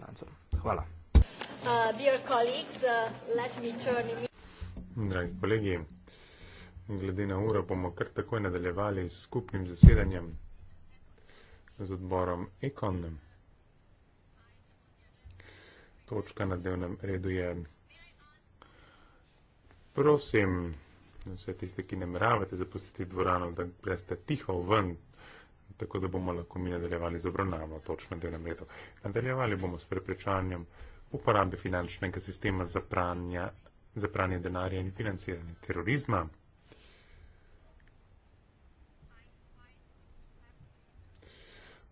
poslancem. Hvala. Uh, uh, Dragi kolegi, glede na uro bomo kar takoj nadaljevali s skupnim zasedanjem z odborom Ekon. Točka na delnem redu je. Prosim, vse tiste, ki ne meravate zapustiti dvorano, da greste tiho ven, tako da bomo lahko mi nadaljevali z obravnavo točno na delnem redu. Nadaljevali bomo s preprečanjem uporabe finančnega sistema za, pranja, za pranje denarja in financiranje terorizma.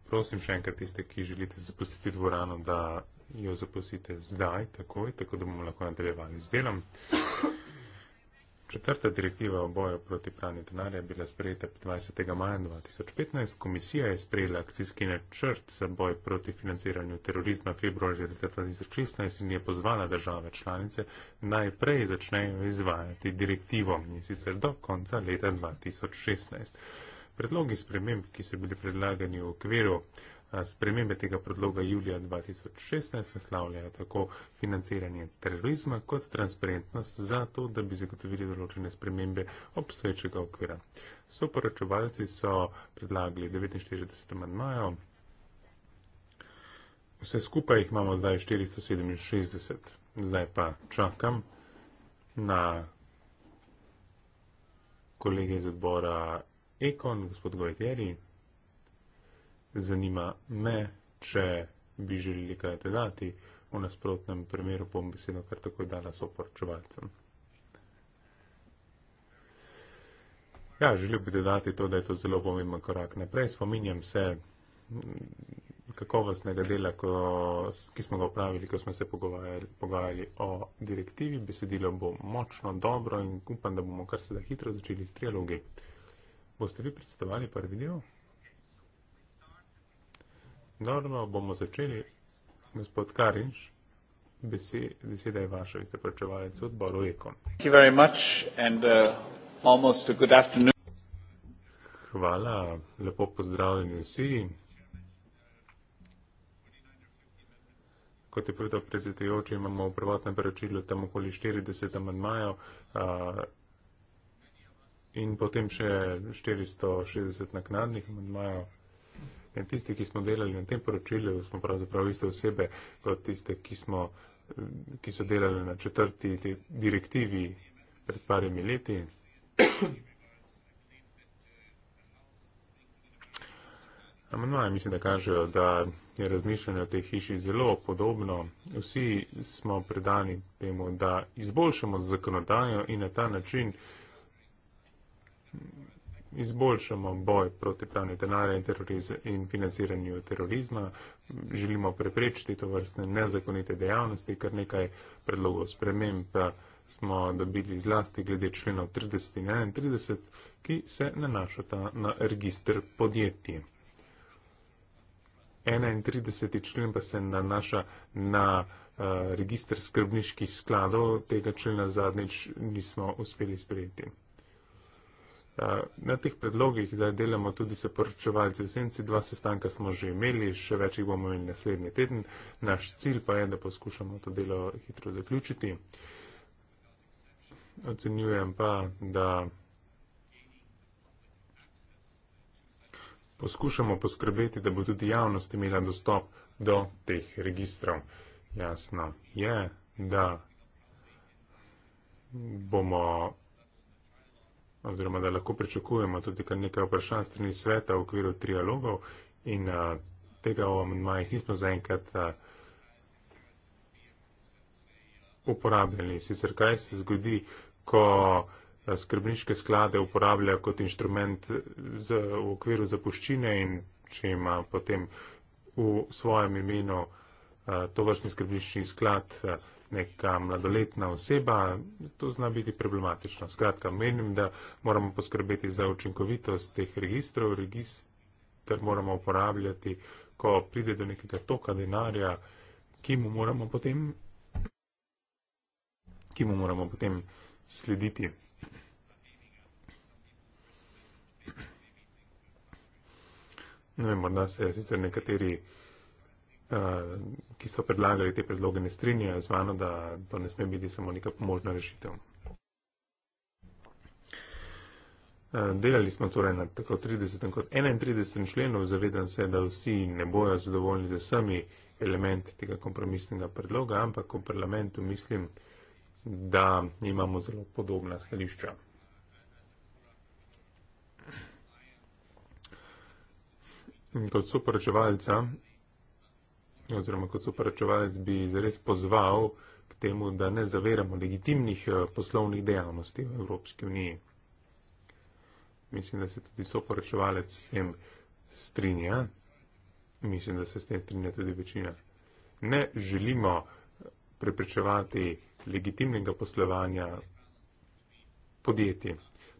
Prosim še enkrat tiste, ki želite zapustiti dvorano, da jo zapustite zdaj, takoj, tako da bomo lahko nadaljevali z delom. Četrta direktiva o boju proti pranju denarja je bila sprejeta 20. maja 2015. Komisija je sprejela akcijski načrt za boj proti financiranju terorizma februarja 2016 in je pozvala države članice najprej začnejo izvajati direktivo in sicer do konca leta 2016. Predlogi sprememb, ki so bili predlagani v okviru spremembe tega predloga julija 2016 naslavljajo tako financiranje terorizma kot transparentnost za to, da bi zagotovili določene spremembe obstoječega okvira. Soporočevalci so predlagali 49 manjajo. Vse skupaj jih imamo zdaj 467. Zdaj pa čakam na kolege iz odbora Ekon, gospod Gojterji zanima me, če bi želeli kaj dodati, v nasprotnem primeru bom besedo kar takoj dala soporočevalcem. Ja, želel bi dodati to, da je to zelo pomemben korak naprej. Spominjam se mm, kakovostnega dela, ko, ki smo ga upravili, ko smo se pogovarjali, pogovarjali o direktivi. Besedilo bo močno dobro in upam, da bomo kar se da hitro začeli s trialogi. Boste vi predstavali par video? Normalno bomo začeli, gospod Karinš, besede, besede je vaša, vi ste pričevalec odboru EKOM. Uh, Hvala, lepo pozdravljeni vsi. Kot je povedal predsedujoči, imamo v prvotnem poročilu tam okoli 40 amandmajev in potem še 460 naknadnih amandmajev. In tisti, ki smo delali na tem poročilu, smo pravzaprav iste osebe kot tiste, ki, smo, ki so delali na četrti direktivi pred parimi leti. Amandmaje mislim, da kažejo, da je razmišljanje o tej hiši zelo podobno. Vsi smo predani temu, da izboljšamo zakonodajo in na ta način izboljšamo boj proti pranju denarja in, in financiranju terorizma, želimo preprečiti to vrstne nezakonite dejavnosti, kar nekaj predlogov sprememb smo dobili zlasti glede členov 30 in 31, ki se nanašata na registr podjetij. 31. člen pa se nanaša na uh, eh, registr skrbniških skladov, tega člena zadnjič nismo uspeli sprejeti. Na teh predlogih zdaj delamo tudi se poročevalci v senci, dva sestanka smo že imeli, še več jih bomo imeli naslednji teden. Naš cilj pa je, da poskušamo to delo hitro zaključiti. Ocenjujem pa, da poskušamo poskrbeti, da bo tudi javnost imela dostop do teh registrov. Jasno je, da bomo oziroma da lahko pričakujemo tudi kar nekaj vprašanj strani sveta v okviru trialogov in a, tega o amandmajih nismo zaenkrat uporabljali. Sicer kaj se zgodi, ko skrbniške sklade uporablja kot inštrument z, v okviru zapuščine in če ima potem v svojem imenu a, to vrstni skrbniški sklad. A, neka mladoletna oseba, to zna biti problematično. Skratka, menim, da moramo poskrbeti za učinkovitost teh registrov. Register moramo uporabljati, ko pride do nekega toka denarja, ki mu moramo potem, ki mu moramo potem slediti. Ne vem, morda se sicer nekateri. Eh, ki so predlagali te predloge, ne strinjajo z vano, da to ne sme biti samo neka možna rešitev. Eh, delali smo torej na tako 30 kot 31 členov, zavedam se, da vsi ne bojo zadovoljni z vsemi elementi tega kompromisnega predloga, ampak v parlamentu mislim, da imamo zelo podobna stališča. Kot soporočevalca oziroma kot superračevalec bi zares pozval k temu, da ne zaveramo legitimnih eh, poslovnih dejavnosti v Evropski uniji. Mislim, da se tudi soporačevalec s tem strinja. Mislim, da se s tem strinja tudi večina. Ne želimo preprečevati legitimnega poslovanja podjetij.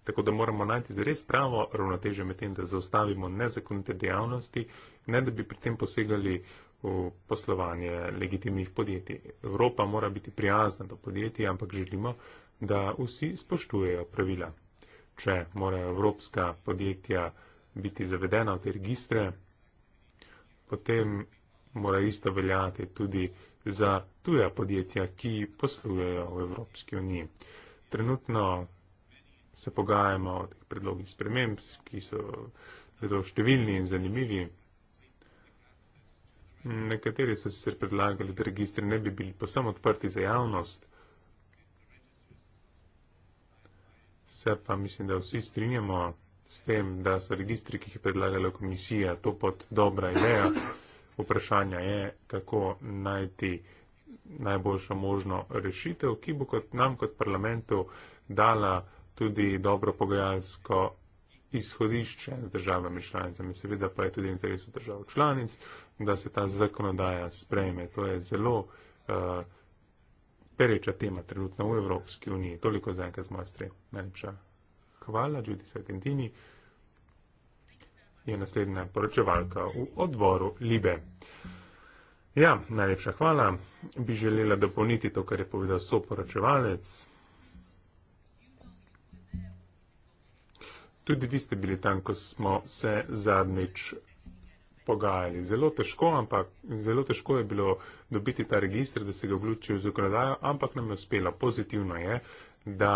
Tako da moramo najti zares pravo ravnoteže med tem, da zaustavimo nezakonite dejavnosti, ne da bi pri tem posegali uh, v poslovanje legitimnih podjetij. Evropa mora biti prijazna do podjetij, ampak želimo, da vsi spoštujejo pravila. Če morajo evropska podjetja biti zavedena v te registre, potem mora isto veljati tudi za tuja podjetja, ki poslujejo v Evropski uniji. Trenutno se pogajamo o teh predlogih sprememb, ki so zelo številni in zanimivi. Nekateri so sicer predlagali, da registri ne bi bili posem odprti za javnost. Se pa mislim, da vsi strinjamo s tem, da so registri, ki jih je predlagala komisija, to pod dobra ideja. Vprašanje je, kako najti najboljšo možno rešitev, ki bo kot nam kot parlamentu dala tudi dobro pogajalsko izhodišče z državami članicami. Seveda pa je tudi interes v držav članic, da se ta zakonodaja sprejme. To je zelo uh, pereča tema trenutno v Evropski uniji. Toliko za enkrat z moje strani. Najlepša hvala, Judith Argentini. Je naslednja poročevalka v odboru Libe. Ja, najlepša hvala. Bi želela dopolniti to, kar je povedal soporočevalec. Tudi vi ste bili tam, ko smo se zadnjič pogajali. Zelo težko, ampak, zelo težko je bilo dobiti ta registr, da se ga vključijo v zakonodajo, ampak nam je uspelo. Pozitivno je, da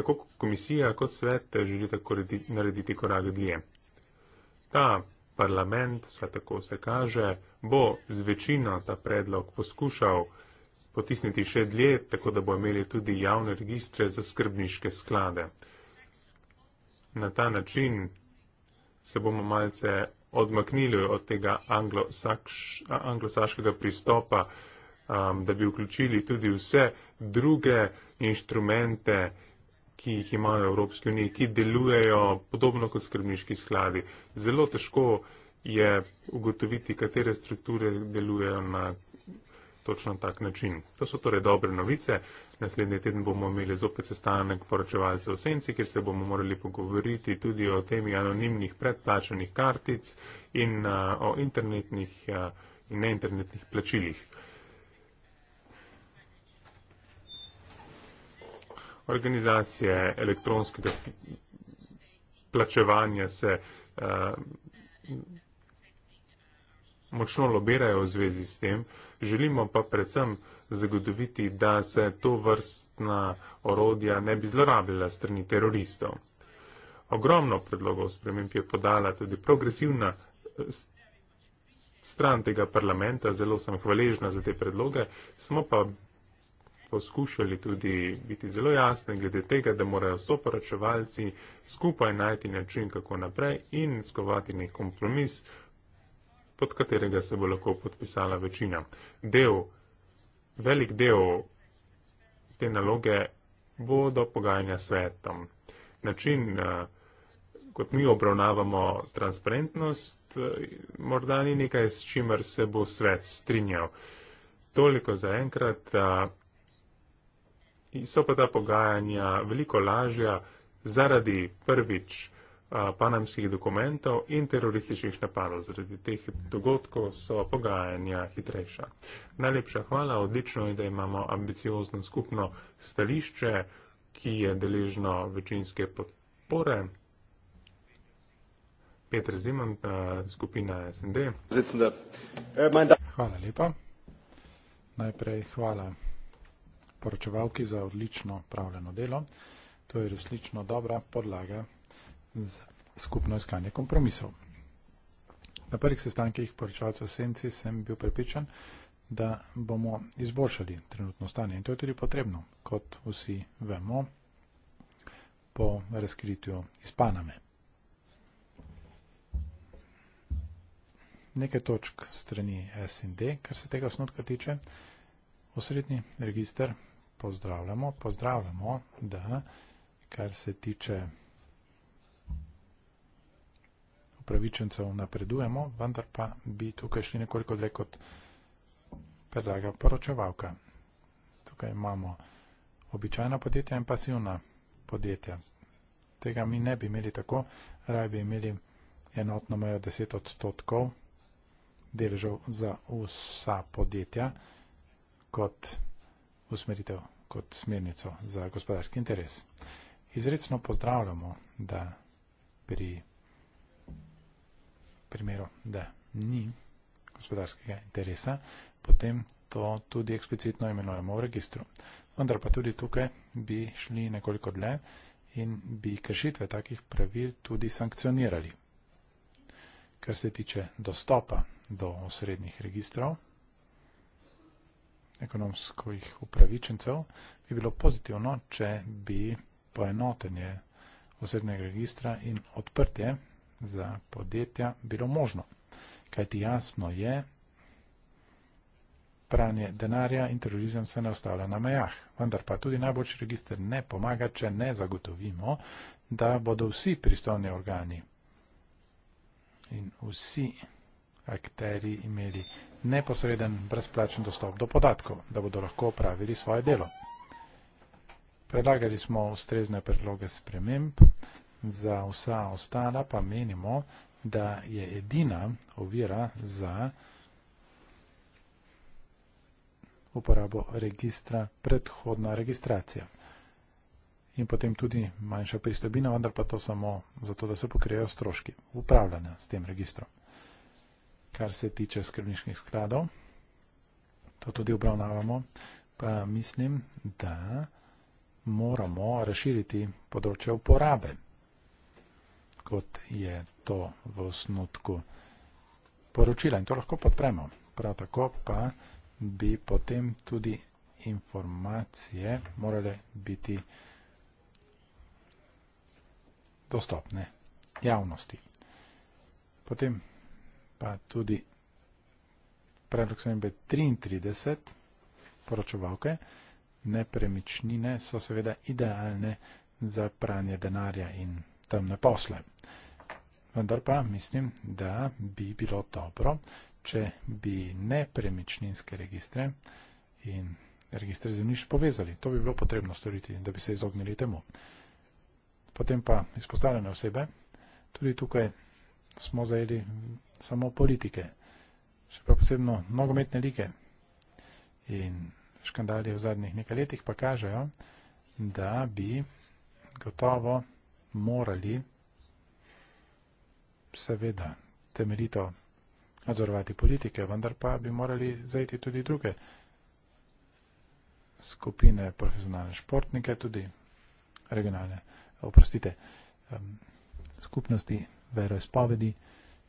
tako komisija kot svet želite narediti korak dlje. Ta parlament, vse tako se kaže, bo z večino ta predlog poskušal potisniti še dlje, tako da bo imeli tudi javne registre za skrbniške sklade na ta način se bomo malce odmaknili od tega anglosaškega pristopa, um, da bi vključili tudi vse druge inštrumente, ki jih imajo v Evropski uniji, ki delujejo podobno kot skrbniški skladi. Zelo težko je ugotoviti, katere strukture delujejo na točno tak način. To so torej dobre novice. Naslednji teden bomo imeli zopet sestanek poročevalcev v Senci, kjer se bomo morali pogovoriti tudi o temi anonimnih predplačenih kartic in a, o internetnih a, in neinternetnih plačilih. Organizacije elektronskega plačevanja se. A, močno lobirajo v zvezi s tem, želimo pa predvsem zagotoviti, da se to vrstna orodja ne bi zlorabljala strani teroristov. Ogromno predlogov sprememb je podala tudi progresivna eh, stran tega parlamenta, zelo sem hvaležna za te predloge, smo pa poskušali tudi biti zelo jasni glede tega, da morajo soporočevalci skupaj najti način, kako naprej in skovati nek kompromis pod katerega se bo lahko podpisala večina. Del, velik del te naloge bo do pogajanja svetom. Način, eh, kot mi obravnavamo transparentnost, eh, morda ni nekaj, s čimer se bo svet strinjal. Toliko za enkrat. Eh, so pa ta pogajanja veliko lažja zaradi prvič panamskih dokumentov in terorističnih napadov. Zaradi teh dogodkov so pogajanja hitrejša. Najlepša hvala, odlično je, da imamo ambiciozno skupno stališče, ki je deležno večinske podpore. Petr Zimon, skupina SND. Hvala lepa. Najprej hvala poročevalki za odlično pravljeno delo. To je resnično dobra podlaga z skupno iskanje kompromisov. Na prvih sestankih poročalcev Senci sem bil prepričan, da bomo izboljšali trenutno stanje in to je tudi potrebno, kot vsi vemo, po razkritju iz Paname. Nekaj točk strani S in D, kar se tega osnotka tiče, osrednji register pozdravljamo, pozdravljamo, da kar se tiče vsega, upravičencev napredujemo, vendar pa bi tukaj šli nekoliko dlje kot predlaga poročevalka. Tukaj imamo običajna podjetja in pasivna podjetja. Tega mi ne bi imeli tako, raje bi imeli enotno mejo 10 odstotkov deležev za vsa podjetja kot usmeritev, kot smernico za gospodarski interes. Izredno pozdravljamo, da pri primeru, da ni gospodarskega interesa, potem to tudi eksplicitno imenujemo v registru. Vendar pa tudi tukaj bi šli nekoliko dlje in bi kršitve takih pravil tudi sankcionirali. Kar se tiče dostopa do osrednjih registrov, ekonomskih upravičencev, bi bilo pozitivno, če bi poenotenje osrednjega registra in odprtje za podjetja bilo možno. Kajti jasno je, pranje denarja in terorizem se ne ostavlja na mejah. Vendar pa tudi najboljši register ne pomaga, če ne zagotovimo, da bodo vsi pristojni organi in vsi akteri imeli neposreden brezplačen dostop do podatkov, da bodo lahko opravili svoje delo. Predlagali smo ustrezne predloge sprememb, za vsa ostala pa menimo, da je edina ovira za uporabo registra predhodna registracija. In potem tudi manjša pristobina, vendar pa to samo zato, da se pokrijejo stroški upravljanja s tem registrom. Kar se tiče skrbniških skladov, to tudi obravnavamo, pa mislim, da moramo razširiti področje uporabe kot je to v osnutku poročila. In to lahko podpremo. Prav tako pa bi potem tudi informacije morale biti dostopne javnosti. Potem pa tudi predlog sembe 33 poročevalke nepremičnine so seveda idealne za pranje denarja in temne posle. Vendar pa mislim, da bi bilo dobro, če bi nepremičninske registre in registre zemljiš povezali. To bi bilo potrebno storiti, da bi se izognili temu. Potem pa izpostavljene osebe, tudi tukaj smo zajeli samo politike, še pa posebno nogometne like. In škandali v zadnjih nekaj letih pa kažejo, da bi gotovo vsega, morali seveda temeljito nadzorovati politike, vendar pa bi morali zajeti tudi druge skupine, profesionalne športnike, tudi regionalne, oprostite, skupnosti, veroizpovedi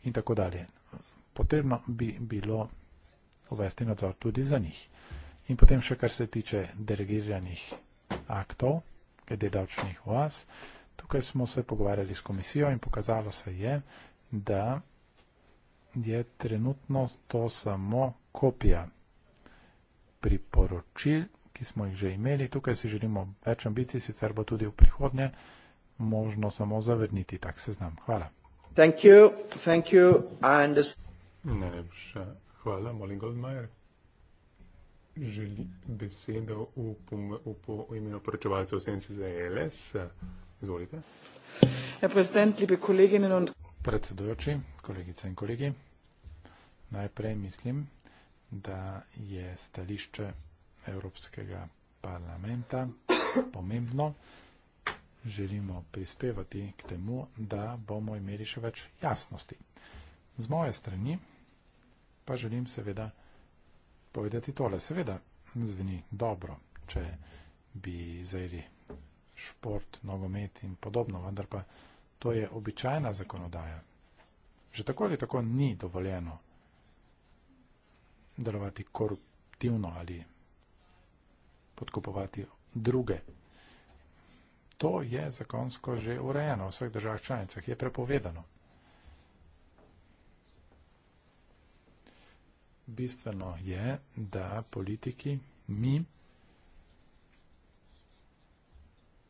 in tako dalje. Potrebno bi bilo uvesti nadzor tudi za njih. In potem še kar se tiče delegiranih aktov, glede davčnih oaz, Tukaj smo se pogovarjali s komisijo in pokazalo se je, da je trenutno to samo kopija priporočil, ki smo jih že imeli. Tukaj si želimo več ambicij, sicer bo tudi v prihodnje možno samo zavrniti tak seznam. Hvala. Thank you. Thank you. Najlepša hvala, Molin Goldmajer. Želi besedo v, v, v, v imenu poročevalcev v Senci za ELS. Izvolite. Ja, predsednik, lepe kolegine in on. Predsedujoči, kolegice in kolegi, najprej mislim, da je stališče Evropskega parlamenta pomembno. Želimo prispevati k temu, da bomo imeli še več jasnosti. Z moje strani pa želim seveda povedati tole. Seveda zveni dobro, če bi zajeli šport, nogomet in podobno, vendar pa to je običajna zakonodaja. Že tako ali tako ni dovoljeno delovati koruptivno ali podkupovati druge. To je zakonsko že urejeno v vseh državah članicah, je prepovedano. Bistveno je, da politiki, mi,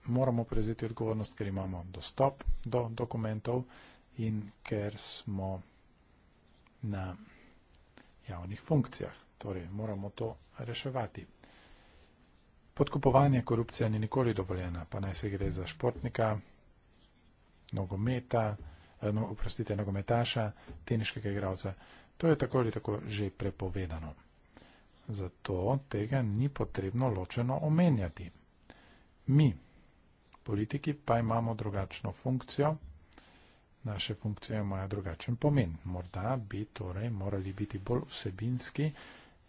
moramo prevzeti odgovornost, ker imamo dostop do dokumentov in ker smo na javnih funkcijah. Torej, moramo to reševati. Podkupovanje, korupcija ni nikoli dovoljena, pa naj se gre za športnika, nogometa, eh, no, oprostite, nogometaša, teniškega igralca. To je tako ali tako že prepovedano. Zato tega ni potrebno ločeno omenjati. Mi, Politiki pa imamo drugačno funkcijo, naše funkcije imajo drugačen pomen. Morda bi torej morali biti bolj vsebinski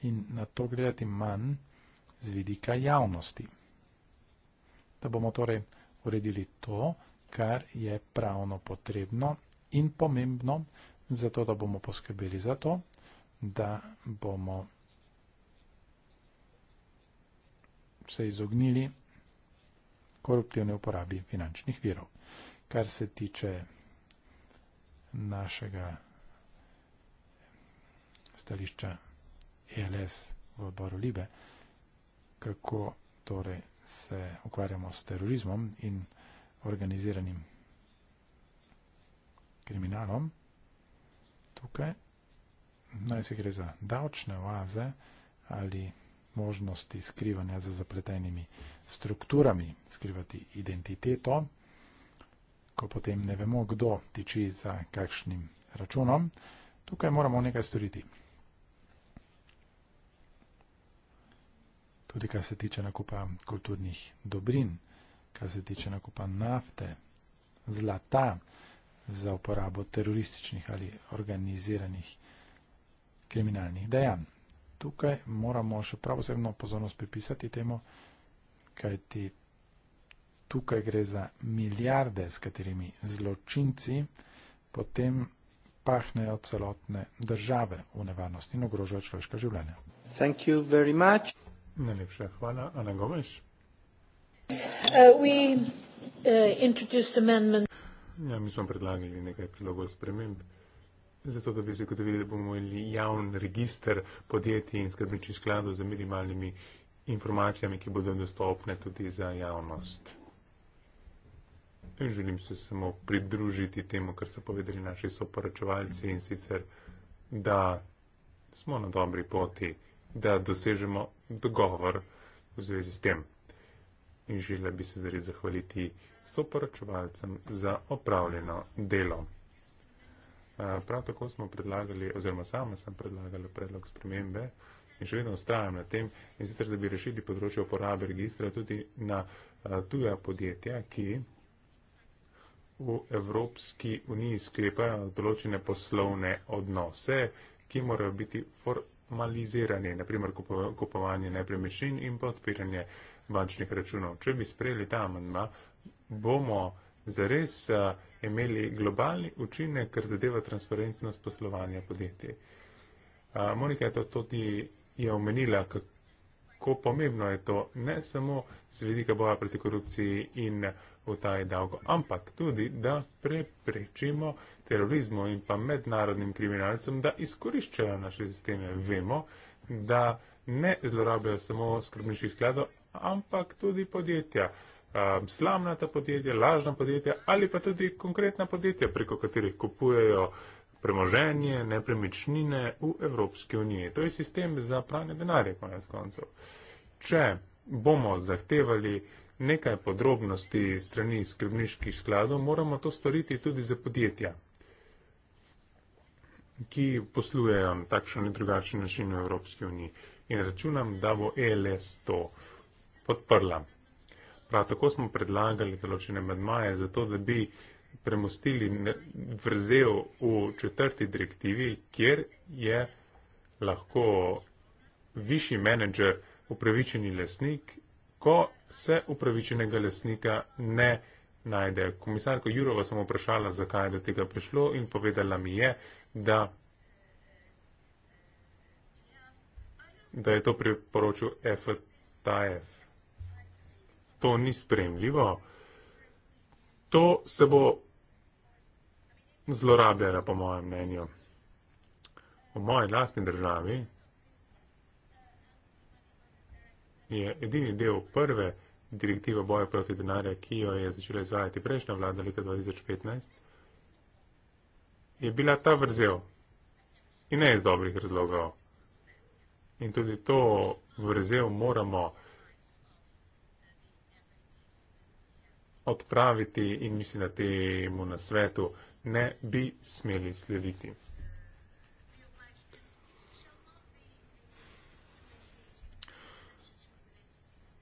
in na to gledati manj z vidika javnosti. Da bomo torej uredili to, kar je pravno potrebno in pomembno, zato da bomo poskrbeli za to, da bomo se izognili koruptivne uporabi finančnih virov. Kar se tiče našega stališča ELS v odboru Libe, kako torej se ukvarjamo s terorizmom in organiziranim kriminalom. Tukaj naj se gre za davčne oaze ali možnosti skrivanja za zapletenimi strukturami, skrivati identiteto, ko potem ne vemo, kdo tiči za kakšnim računom, tukaj moramo nekaj storiti. Tudi, kar se tiče nakupa kulturnih dobrin, kar se tiče nakupa nafte, zlata za uporabo terorističnih ali organiziranih kriminalnih dejanj tukaj moramo še prav posebno pozornost pripisati temu, kajti tukaj gre za milijarde, s katerimi zločinci potem pahnejo celotne države v nevarnost in ogrožajo človeška življenja. Thank you very much. Najlepša hvala, Ana Gomes. Uh, we, uh, ja, mi smo predlagali nekaj predlogov sprememb. Zato, da bi zagotovili, da bomo imeli javni registr podjetij in skrbniči skladov z minimalnimi informacijami, ki bodo dostopne tudi za javnost. In želim se samo pridružiti temu, kar so povedali naši soporočevalci in sicer, da smo na dobri poti, da dosežemo dogovor v zvezi s tem. In želela bi se zari zahvaliti soporočevalcem za opravljeno delo. Eh, prav tako smo predlagali, oziroma sama sem predlagala predlog spremembe in še vedno ustrajam na tem, in sicer, da bi rešili področje uporabe registra tudi na eh, tuja podjetja, ki v Evropski uniji sklepajo določene poslovne odnose, ki morajo biti formalizirani, naprimer kupovanje nepremičnin in podpiranje bančnih računov. Če bi sprejeli ta amandma, bomo zares imeli globalni učinek, ker zadeva transparentnost poslovanja podjetij. Monika je to tudi je omenila, kako pomembno je to ne samo z vidika boja proti korupciji in utaje davko, ampak tudi, da preprečimo terorizmu in pa mednarodnim kriminalcem, da izkoriščajo naše sisteme. Vemo, da ne zlorabljajo samo skrbniških skladov, ampak tudi podjetja um, slamnata podjetja, lažna podjetja ali pa tudi konkretna podjetja, preko katerih kupujejo premoženje, nepremičnine v Evropski uniji. To je sistem za pranje denarja, konec koncev. Če bomo zahtevali nekaj podrobnosti strani skrbniških skladov, moramo to storiti tudi za podjetja, ki poslujejo na takšen in drugačen način v Evropski uniji. In računam, da bo ELS to podprla. Prav tako smo predlagali določene medmaje za to, da bi premustili vrzel v četrti direktivi, kjer je lahko višji menedžer upravičeni lesnik, ko se upravičenega lesnika ne najde. Komisarko Jurova sem vprašala, zakaj je do tega prišlo in povedala mi je, da, da je to priporočil FTF to ni spremljivo, to se bo zlorabljala, po mojem mnenju. V moji lastni državi je edini del prve direktive boja proti denarja, ki jo je začela izvajati prejšnja vlada leta 2015, je bila ta vrzel. In ne iz dobrih razlogov. In tudi to vrzel moramo. odpraviti in mislim, da temu na svetu ne bi smeli slediti.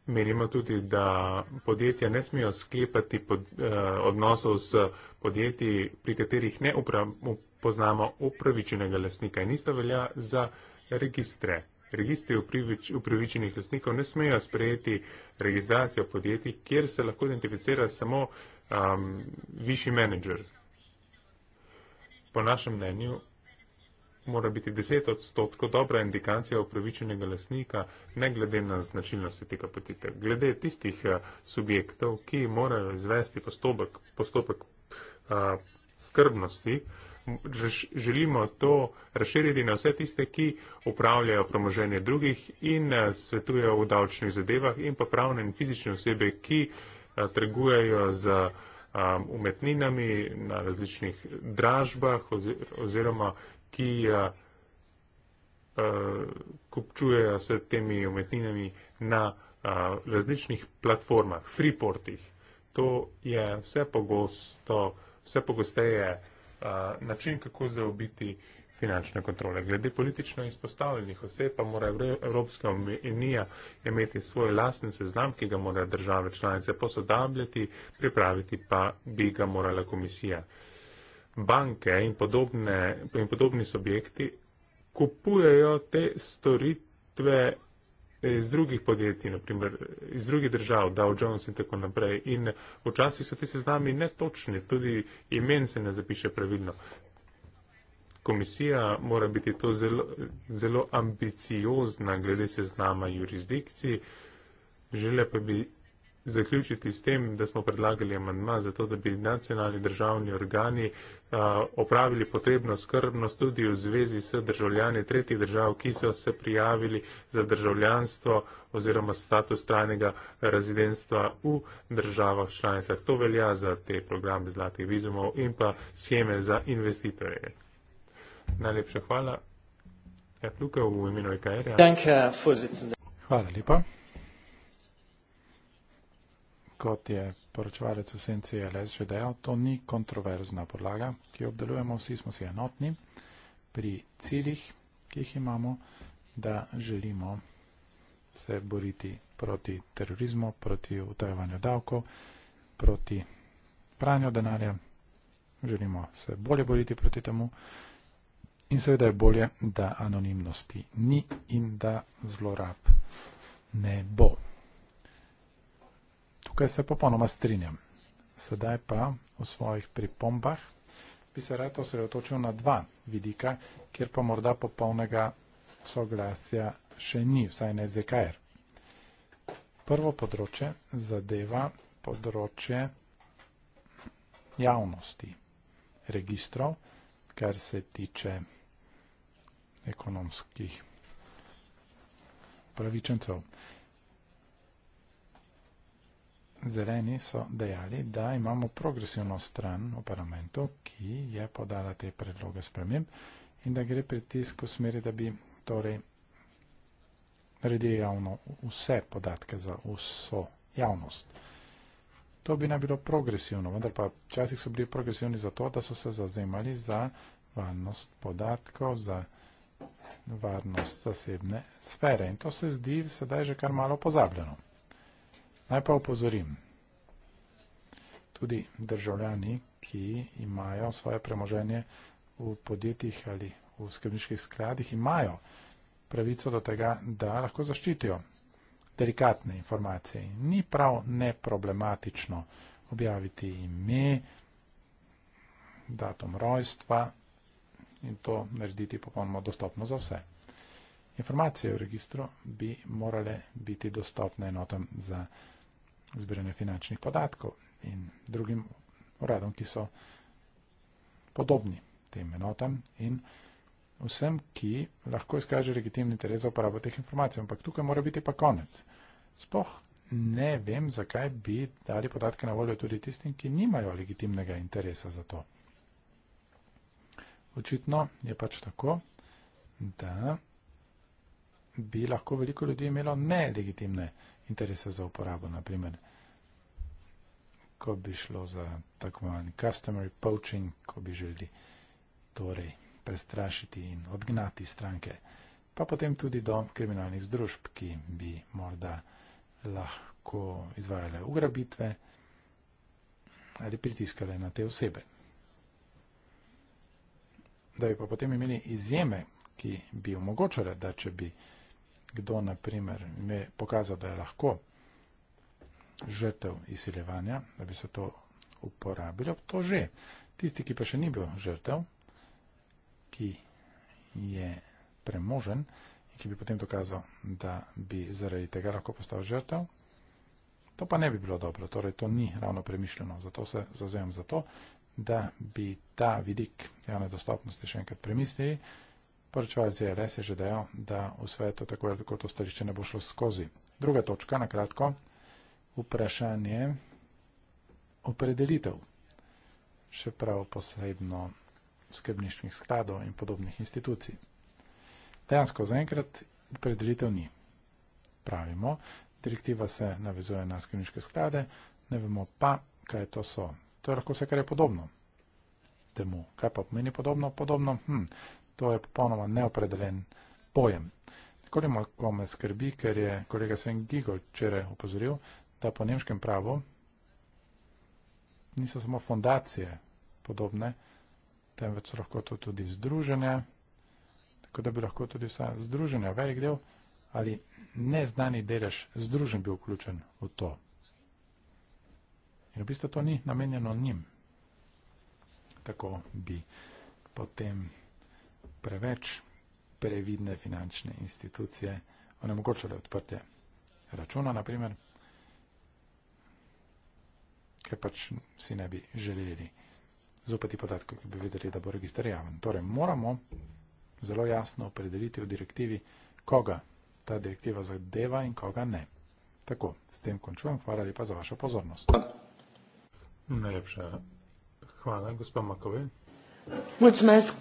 Menimo tudi, da podjetja ne smijo sklepati pod, eh, odnosov s podjetji, pri katerih ne upra, poznamo upravičenega lasnika in ista velja za registre registri upravičenih lastnikov ne smejo sprejeti registracijo podjetij, kjer se lahko identificira samo um, višji menedžer. Po našem mnenju mora biti 10 odstotkov dobra indikacija upravičenega lasnika, ne glede na značilnosti tega podjetja. Glede tistih uh, subjektov, ki morajo izvesti postopek, postopek uh, skrbnosti. Želimo to razširiti na vse tiste, ki upravljajo premoženje drugih in eh, svetujejo v davčnih zadevah in pa pravne in fizične osebe, ki eh, trgujejo z eh, umetninami na različnih dražbah oziroma ki kupčujejo s temi umetninami na različnih platformah, freeportih. To je vse pogosto vse pogosteje uh, način, kako zaobiti finančne kontrole. Glede politično izpostavljenih oseb pa mora Evropska unija imeti svoj lasten seznam, ki ga morajo države članice posodabljati, pripraviti pa bi ga morala komisija. Banke in, podobne, in podobni subjekti kupujejo te storitve iz drugih podjetij, naprimer iz drugih držav, Dow Jones in tako naprej. In včasih so ti seznami netočni, tudi imen se ne zapiše pravilno. Komisija mora biti to zelo, zelo ambiciozna glede seznama jurisdikcij, žele pa bi zaključiti s tem, da smo predlagali amandma za to, da bi nacionalni državni organi opravili potrebno skrbnost tudi v zvezi s državljani tretjih držav, ki so se prijavili za državljanstvo oziroma status trajnega rezidenstva v državah članicah. To velja za te programe zlatih vizumov in pa sheme za investitorje. Najlepša hvala. E hvala lepa kot je poročevalec v senci LS že dejal, to ni kontroverzna podlaga, ki jo obdelujemo, vsi smo si enotni pri ciljih, ki jih imamo, da želimo se boriti proti terorizmu, proti utajovanju davkov, proti pranju denarja, želimo se bolje boriti proti temu in seveda je bolje, da anonimnosti ni in da zlorab ne bo. Tukaj se popolnoma strinjam. Sedaj pa v svojih pripombah bi se rad osredotočil na dva vidika, kjer pa morda popolnega soglasja še ni, vsaj ne ZKR. Prvo področje zadeva področje javnosti registrov, kar se tiče ekonomskih pravičencev. Zeleni so dejali, da imamo progresivno stran v parlamentu, ki je podala te predloge sprememb in da gre pritisk v smeri, da bi torej naredili javno vse podatke za vso javnost. To bi naj bilo progresivno, vendar pa včasih so bili progresivni zato, da so se zauzemali za varnost podatkov, za varnost zasebne sfere. In to se zdi sedaj že kar malo pozabljeno. Naj pa upozorim, tudi državljani, ki imajo svoje premoženje v podjetjih ali v skrbniških skladih, imajo pravico do tega, da lahko zaščitijo delikatne informacije. Ni prav neproblematično objaviti ime, datum rojstva in to narediti popolnoma dostopno za vse. Informacije v registru bi morale biti dostopne enotem za vse zbiranje finančnih podatkov in drugim uradom, ki so podobni tem enotam in vsem, ki lahko izkaže legitimni interes za uporabo teh informacij. Ampak tukaj mora biti pa konec. Spoh ne vem, zakaj bi dali podatke na voljo tudi tistim, ki nimajo legitimnega interesa za to. Očitno je pač tako, da bi lahko veliko ljudi imelo nelegitimne interese interesa za uporabo. Naprimer, ko bi šlo za tako imenovani customer poaching, ko bi želeli torej prestrašiti in odgnati stranke, pa potem tudi do kriminalnih združb, ki bi morda lahko izvajale ugrabitve ali pritiskale na te osebe. Da bi pa potem imeli izjeme, ki bi omogočale, da če bi kdo naprimer je pokazal, da je lahko žrtev izsiljevanja, da bi se to uporabilo, to že. Tisti, ki pa še ni bil žrtev, ki je premožen in ki bi potem dokazal, da bi zaradi tega lahko postal žrtev, to pa ne bi bilo dobro, torej to ni ravno premišljeno. Zato se zazujem za to, da bi ta vidik javne dostopnosti še enkrat premislili. Poročevalec ZRS e je že dejal, da v svetu tako ali tako to stališče ne bo šlo skozi. Druga točka, na kratko, vprašanje opredelitev, še prav posebno skrbniških skladov in podobnih institucij. Dejansko zaenkrat opredelitev ni. Pravimo, direktiva se navezuje na skrbniške sklade, ne vemo pa, kaj to so. To je lahko vse, kar je podobno. Temu. Kaj pa pomeni podobno? Podobno. Hm. To je popolnoma neopredeljen pojem. Nekoliko kome skrbi, ker je kolega Sven Gigol včeraj upozoril, da po nemškem pravu niso samo fondacije podobne, temveč so lahko to tudi združenja, tako da bi lahko tudi vsa združenja, velik del ali neznani delež združen bil vključen v to. In v bistvu to ni namenjeno njim. Tako bi potem preveč previdne finančne institucije onemogočale odprtje računa, naprimer, ker pač si ne bi želeli zopati podatke, ki bi vedeli, da bo registar javen. Torej, moramo zelo jasno opredeliti v direktivi, koga ta direktiva zadeva in koga ne. Tako, s tem končujem. Hvala lepa za vašo pozornost. Najlepša hvala, gospod Makovej. Mulțumesc!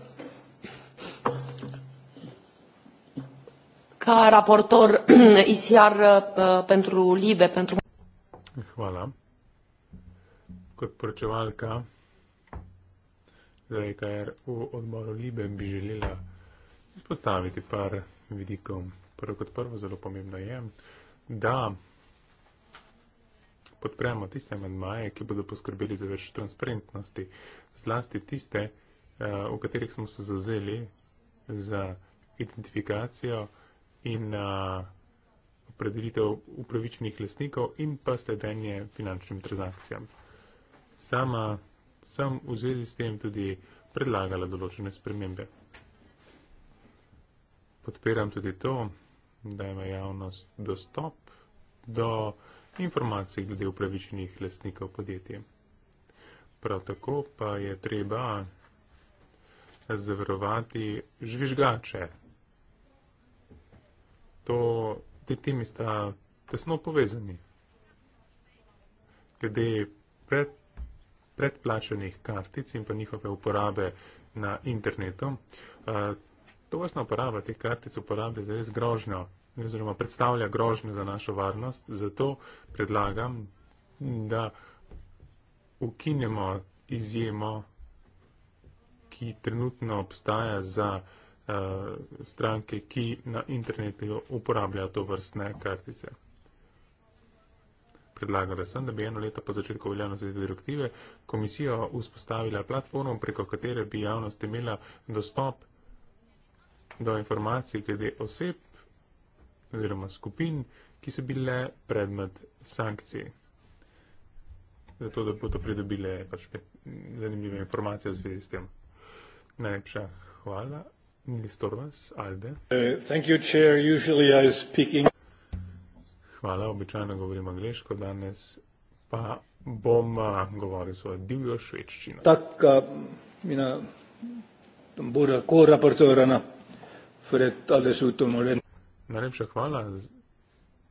ca raportor ISIAR uh, pentru LIBE, pentru... Hvala. Kot poročevalka za EKR v odboru LIBE bi želela izpostaviti par vidikov. Prvo kot prvo, zelo pomembno je, da podpremo tiste medmaje, ki bodo poskrbeli za več transparentnosti, zlasti tiste, uh, v katerih smo se zazeli za identifikacijo, in uh, opredelitev upravičenih lesnikov in pa sledenje finančnim transakcijam. Sama sem v zvezi s tem tudi predlagala določene spremembe. Podpiram tudi to, da ima javnost dostop do informacij glede upravičenih lesnikov podjetje. Prav tako pa je treba zavarovati žvižgače to, ti timi sta tesno povezani. Glede pred, predplačenih kartic in pa njihove uporabe na internetu, to vrstna uporaba teh kartic uporablja zares grožnjo, oziroma predstavlja grožnjo za našo varnost, zato predlagam, da ukinemo izjemo, ki trenutno obstaja za Eh, stranke, ki na internetu uporabljajo to vrstne kartice. Predlagala sem, da bi eno leto po začetku veljavnosti direktive komisija vzpostavila platformo, preko katere bi javnost imela dostop do informacij glede oseb oziroma skupin, ki so bile predmet sankcij. Zato, da bodo pridobile pač zanimive informacije v zvezi s tem. Najlepša hvala. Ministr Vas, Alde. Uh, hvala, običajno govorim angliško, danes pa bom eh, govoril svojo divjo švedščino. Tako, eh, mina, bura, ko raportorana, fred, ali so to morali. Najlepša hvala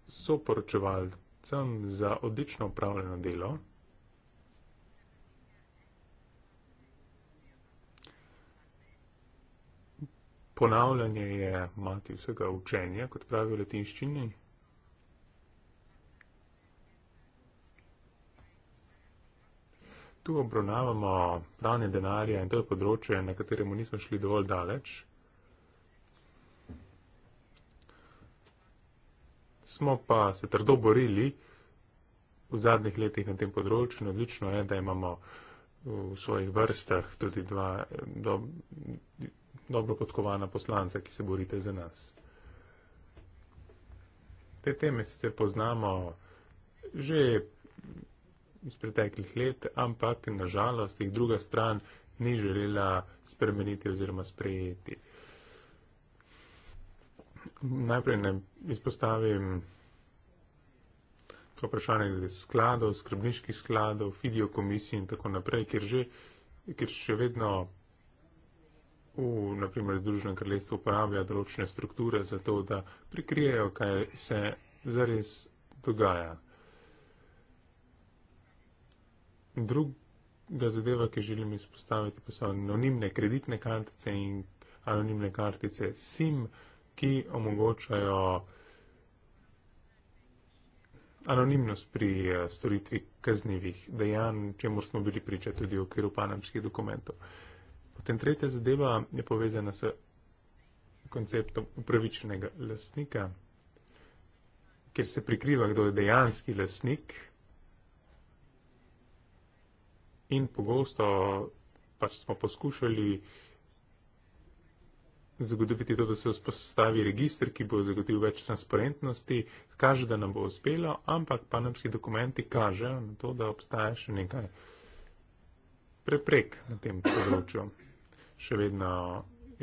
soporočevalcem za odlično upravljeno delo. ponavljanje je mati vsega učenja, kot pravijo latinščini. Tu obravnavamo pranje denarja in to je področje, na kateremu nismo šli dovolj daleč. Smo pa se trdo borili v zadnjih letih na tem področju in odlično je, da imamo v svojih vrstah tudi dva do, dobro podkovana poslanca, ki se borite za nas. Te teme sicer poznamo že iz preteklih let, ampak nažalost jih druga stran ni želela spremeniti oziroma sprejeti. Najprej ne izpostavim to vprašanje glede skladov, skrbniških skladov, fidio komisij in tako naprej, ker, že, ker še vedno v naprimer Združenem kraljestvu pojavljajo določene strukture za to, da prikrijejo, kaj se zares dogaja. Druga zadeva, ki želim izpostaviti, pa so anonimne kreditne kartice in anonimne kartice SIM, ki omogočajo anonimnost pri eh, storitvi kaznjivih dejanj, čemu smo bili priča tudi v okviru panamskih dokumentov. Potem tretja zadeva je povezana s konceptom upravičenega lastnika, kjer se prikriva, kdo je dejanski lastnik in pogosto pač smo poskušali zagotoviti to, da se vzpostavi registr, ki bo zagotovil več transparentnosti, kaže, da nam bo uspelo, ampak panamski dokumenti kažejo na to, da obstaja še nekaj preprek na tem področju še vedno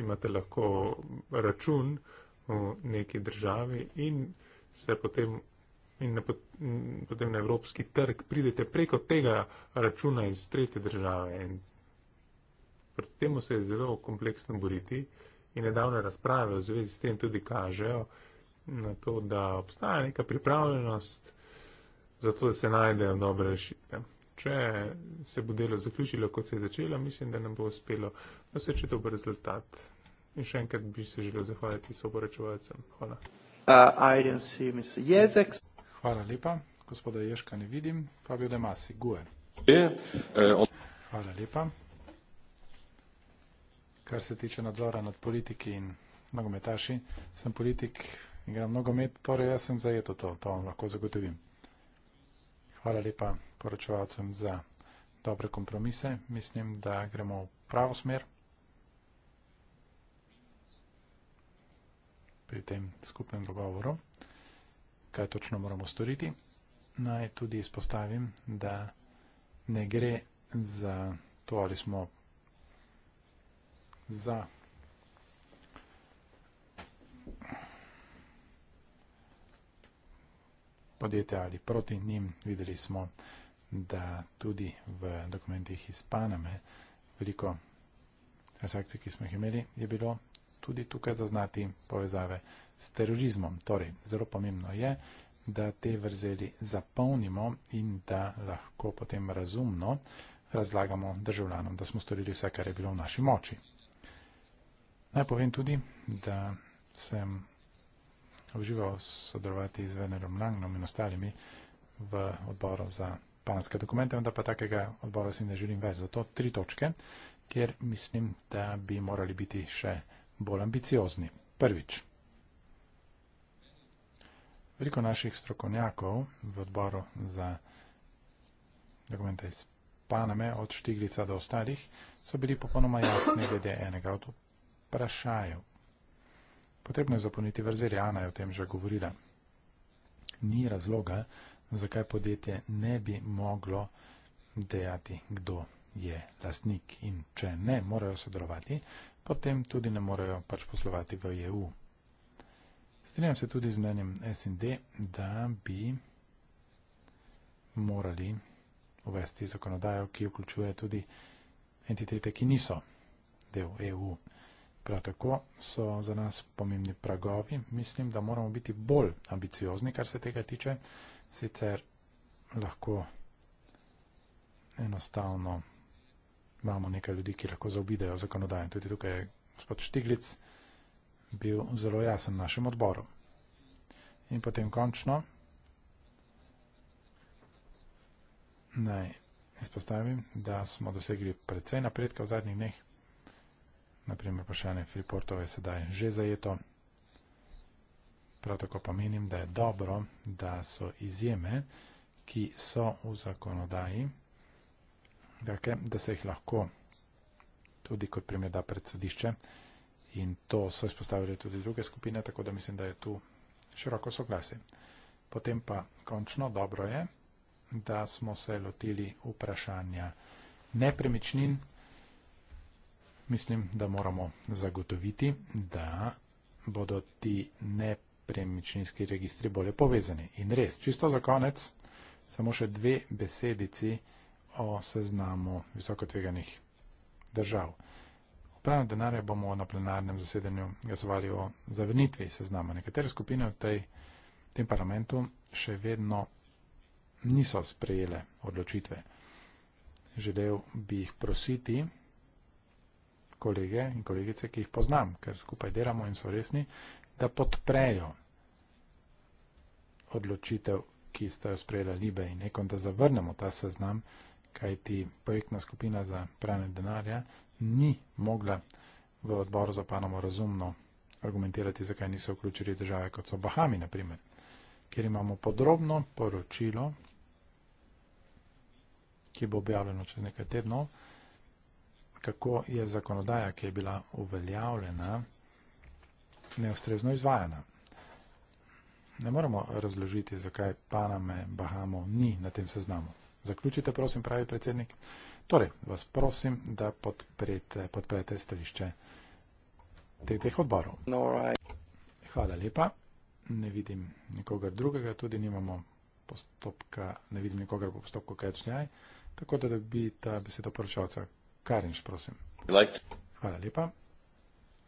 imate lahko račun v neki državi in se potem, in na, potem na evropski trg pridete preko tega računa iz tretje države. In proti temu se je zelo kompleksno boriti in nedavne razprave v zvezi s tem tudi kažejo na to, da obstaja neka pripravljenost za to, da se najdejo dobre rešitve. Če se bo delo zaključilo, kot se je začelo, mislim, da nam bo uspelo doseči dober rezultat. In še enkrat bi se želel zahvaliti soporočevalcem. Hvala. Uh, Hvala lepa. Gospoda Ješka ne vidim. Fabio Demasi, Gue. Eh, Hvala lepa. Kar se tiče nadzora nad politiki in nogometaši, sem politik, igram nogomet, torej jaz sem zajeto to, to vam lahko zagotovim. Hvala lepa poročevalcem za dobre kompromise. Mislim, da gremo v pravo smer. pri tem skupnem dogovoru, kaj točno moramo storiti. Naj tudi izpostavim, da ne gre za to, ali smo za podjetja ali proti njim. Videli smo, da tudi v dokumentih iz Paname veliko transakcij, ki smo jih imeli, je bilo tudi tukaj zaznati povezave s terorizmom. Torej, zelo pomembno je, da te vrzeli zapolnimo in da lahko potem razumno razlagamo državljanom, da smo storili vse, kar je bilo v naši moči. Naj povem tudi, da sem obživel sodelovati z Venerom Langnom in ostalimi v odboru za panske dokumente, vendar pa takega odbora si ne želim več. Zato tri točke, kjer mislim, da bi morali biti še bolj ambiciozni. Prvič. Veliko naših strokovnjakov v odboru za dokumente iz Paname, od Štiglica do ostalih, so bili popolnoma jasni glede enega od vprašajev. Potrebno je zapolniti vrzel, Jana je o tem že govorila. Ni razloga, zakaj podjetje ne bi moglo dejati, kdo je lastnik in če ne morajo sodelovati, potem tudi ne morajo pač poslovati v EU. Strinjam se tudi z mnenjem SND, da bi morali uvesti zakonodajo, ki vključuje tudi entitete, ki niso del EU. Prav tako so za nas pomembni pragovi. Mislim, da moramo biti bolj ambiciozni, kar se tega tiče, sicer lahko enostavno imamo nekaj ljudi, ki lahko zaobidejo zakonodajo. Tudi tukaj je gospod Štiglic bil zelo jasen našem odboru. In potem končno naj izpostavim, da smo dosegli predvsej napredka v zadnjih dneh naprimer vprašanje Freeportov je sedaj že zajeto. Prav tako pa menim, da je dobro, da so izjeme, ki so v zakonodaji, da se jih lahko tudi kot primer da pred sodišče in to so izpostavili tudi druge skupine, tako da mislim, da je tu široko soglasje. Potem pa končno dobro je, da smo se lotili vprašanja nepremičnin, mislim, da moramo zagotoviti, da bodo ti nepremičninski registri bolje povezani. In res, čisto za konec, samo še dve besedici o seznamu visokotveganih držav. Upravljanje denarja bomo na plenarnem zasedanju glasovali o zavrnitvi seznama. Nekatere skupine v tej, tem parlamentu še vedno niso sprejele odločitve. Želel bi jih prositi, kolege in kolegice, ki jih poznam, ker skupaj delamo in so resni, da podprejo odločitev, ki ste jo sprejeli Libe in nekom, da zavrnemo ta seznam, kajti projektna skupina za pranje denarja ni mogla v odboru za panamo razumno argumentirati, zakaj niso vključili države, kot so Bahami, naprimer, ker imamo podrobno poročilo, ki bo objavljeno čez nekaj tednov, kako je zakonodaja, ki je bila uveljavljena, neustrezno izvajana. Ne moremo razložiti, zakaj Paname, Bahamo ni na tem seznamu. Zaključite, prosim, pravi predsednik. Torej, vas prosim, da podprete, podprete stališče teh, teh odborov. No, right. Hvala lepa. Ne vidim nikogar drugega, tudi nimamo postopka, ne vidim nikogar po postopku KCI, tako da bi ta beseda poročalca Karinš, prosim. Hvala lepa.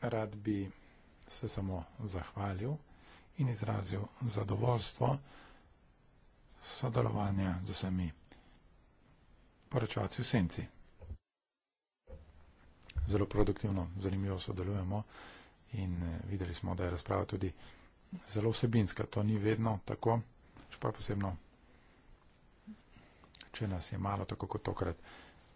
Rad bi se samo zahvalil in izrazil zadovoljstvo sodelovanja z vsemi poročevalci v senci. Zelo produktivno, zanimivo sodelujemo in eh, videli smo, da je razprava tudi zelo vsebinska. To ni vedno tako, še pa posebno, če nas je malo, tako kot tokrat.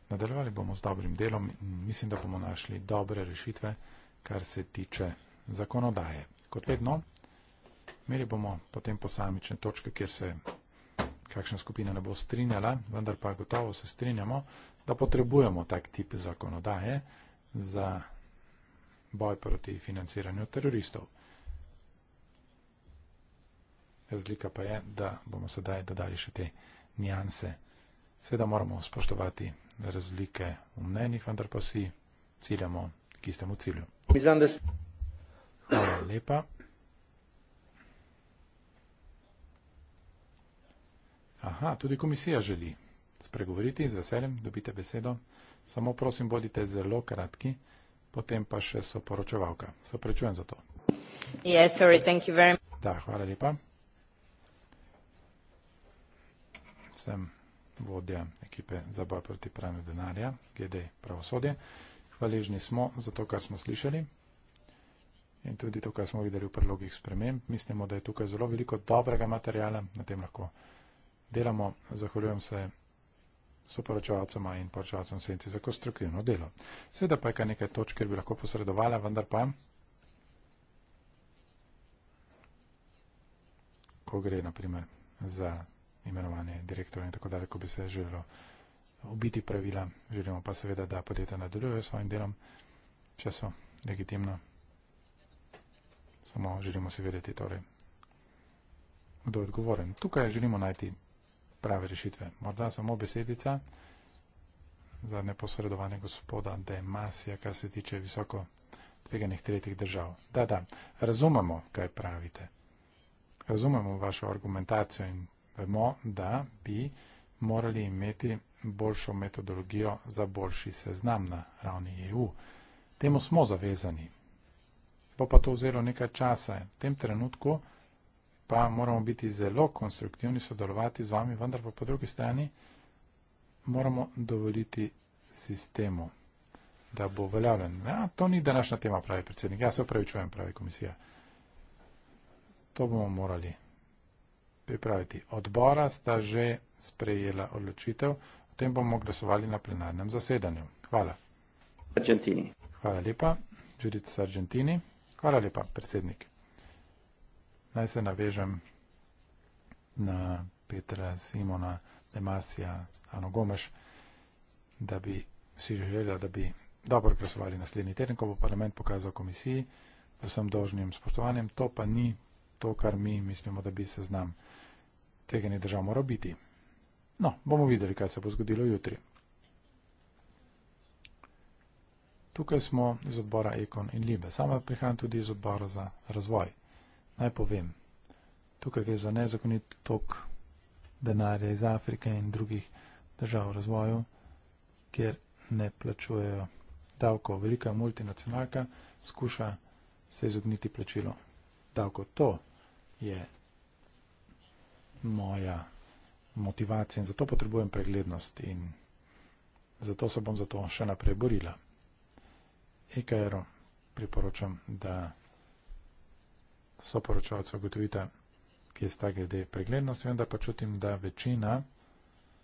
Nadaljevali bomo z dobrim delom in mislim, da bomo našli dobre rešitve, kar se tiče zakonodaje. Kot vedno, imeli bomo potem posamične točke, kjer se kakšna skupina ne bo strinjala, vendar pa gotovo se strinjamo, da potrebujemo tak tip zakonodaje za boj proti financiranju teroristov. Razlika pa je, da bomo sedaj dodali še te nijanse. Seveda moramo spoštovati razlike v mnenjih, vendar pa si ciljamo k istemu cilju. Hvala lepa. Aha, tudi komisija želi spregovoriti in z veseljem dobite besedo. Samo prosim, bodite zelo kratki, potem pa še soporočevalka. Soprečujem za to. Yes, sorry, thank you very much. Da, hvala lepa. Sem vodja ekipe za boj proti pranju denarja, GD pravosodje. Hvaležni smo za to, kar smo slišali in tudi to, kar smo videli v predlogih sprememb. Mislimo, da je tukaj zelo veliko dobrega materijala, na tem lahko delamo. Zahvaljujem se soporočevalcema in poročevalcem senci za konstruktivno delo. Seveda pa je kar nekaj točk, kjer bi lahko posredovala, vendar pa, ko gre naprimer za imenovanje direktorja in tako dalje, ko bi se želelo obiti pravila. Želimo pa seveda, da podjetja nadaljujejo s svojim delom, če so legitimna. Samo želimo si vedeti, torej, kdo je odgovoren. Tukaj želimo najti prave rešitve. Morda samo besedica za neposredovanje gospoda Demasija, kar se tiče visoko tveganih tretjih držav. Da, da, razumemo, kaj pravite. Razumemo vašo argumentacijo in vemo, da bi morali imeti boljšo metodologijo za boljši seznam na ravni EU. Temu smo zavezani. Bo pa to vzelo nekaj časa. V tem trenutku pa moramo biti zelo konstruktivni, sodelovati z vami, vendar pa po drugi strani moramo dovoliti sistemu, da bo uveljavljen. Ja, to ni današnja tema, pravi predsednik. Ja se upravičujem, pravi komisija. To bomo morali pripraviti. Odbora sta že sprejela odločitev, o tem bomo glasovali na plenarnem zasedanju. Hvala. Argentini. Hvala lepa, Judith Sargentini. Hvala lepa, predsednik. Naj se navežem na Petra Simona Demasija Ano Gomeš, da bi si želela, da bi dobro glasovali naslednji teden, ko bo parlament pokazal komisiji z vsem dožnim spoštovanjem. To pa ni to, kar mi mislimo, da bi se znam. Tega ni držav mora biti. No, bomo videli, kaj se bo zgodilo jutri. Tukaj smo iz odbora Ekon in Libe. Sama prihajam tudi iz odbora za razvoj. Naj povem, tukaj gre za nezakonit tok denarja iz Afrike in drugih držav v razvoju, kjer ne plačujejo davko. Velika multinacionalka skuša se izogniti plačilo tako to je moja motivacija in zato potrebujem preglednost in zato se bom zato še naprej borila. Ikaero e priporočam, da so poročavce ugotovite, ki je sta glede preglednost, vendar pa čutim, da večina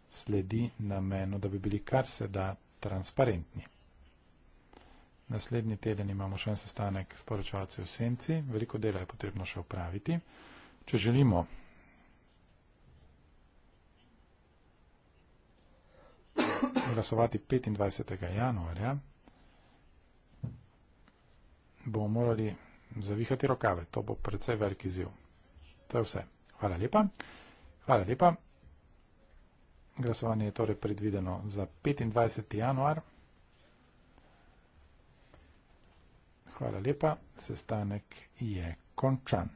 sledi namenu, da bi bili kar se da transparentni. Naslednji teden imamo še en sestanek s poročevalci v Senci. Veliko dela je potrebno še upraviti. Če želimo glasovati 25. januarja, bomo morali zavihati rokave. To bo predvsej veliki ziv. To je vse. Hvala lepa. Hvala lepa. Glasovanje je torej predvideno za 25. januar. Hvala lepa, sestanek je končan.